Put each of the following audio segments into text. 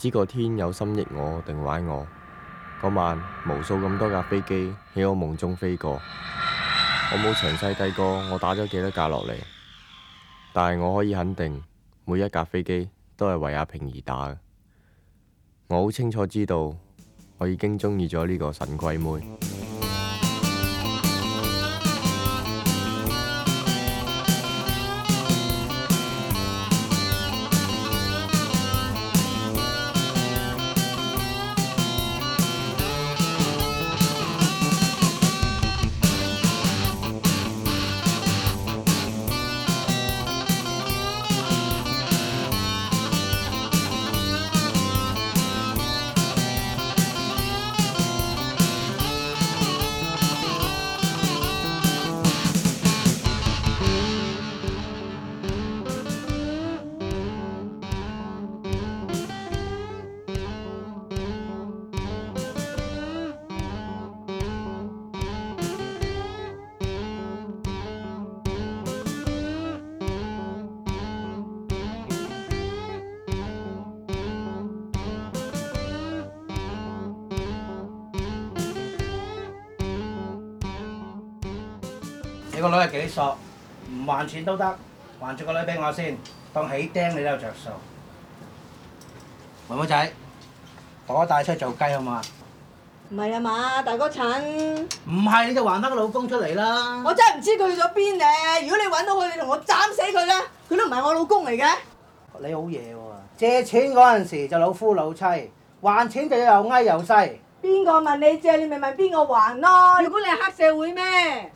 知個天有心益我定玩我？嗰晚無數咁多架飛機喺我夢中飛過，我冇詳細計過我打咗幾多架落嚟，但係我可以肯定每一架飛機都係為阿平而打嘅。我好清楚知道，我已經鍾意咗呢個神龜妹。你個女係幾索？唔還錢都得，還住個女俾我先，當起釘你都有着數。妹妹仔，我帶出去做雞好嘛？唔係啊嘛，大哥親。唔係你就還翻個老公出嚟啦。我真係唔知佢去咗邊咧。如果你揾到佢，你同我斬死佢啦！佢都唔係我老公嚟嘅。你好嘢喎！借錢嗰陣時就老夫老妻，還錢就要又矮又細。邊個問你借，你咪問邊個還咯。如果你係黑社會咩？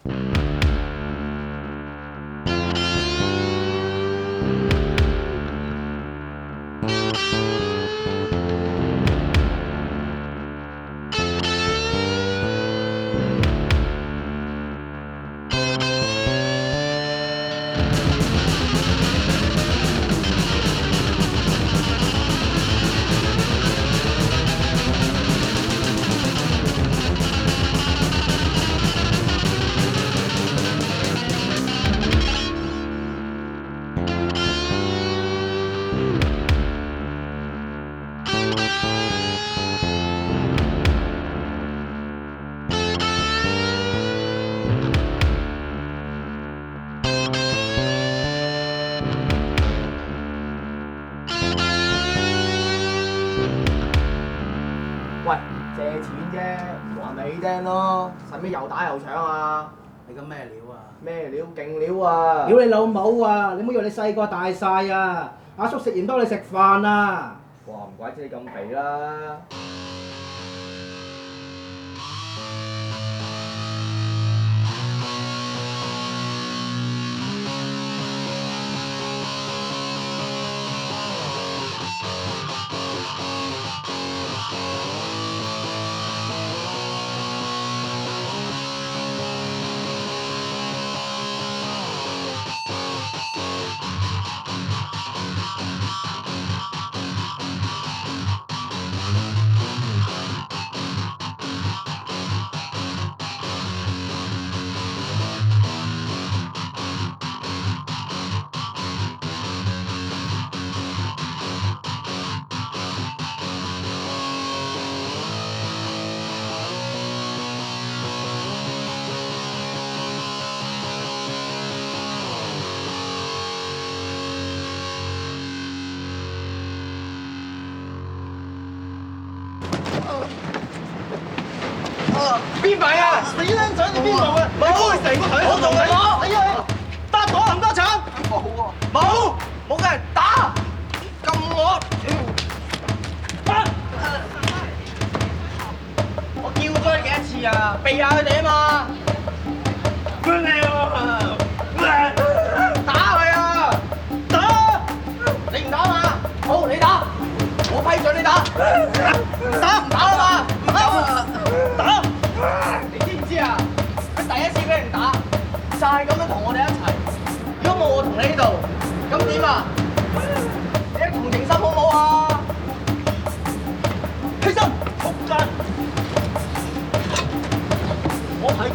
唔話你聽咯，使咩又打又搶啊？你咁咩料啊？咩料？勁料啊！屌你老母啊！你唔好以為你細個大晒啊！阿叔食完多你食飯啊！哇！唔怪之你咁肥啦。邊度啊？冇，我同你攞。哎呀，得咗咁多橙。冇喎，冇，冇嘅，打，撳我，打。我叫咗你幾多次啊？避下佢哋啊嘛。咩啊？打佢啊！打，你唔打嘛？好，你打，我批准你打。打唔打啦嘛？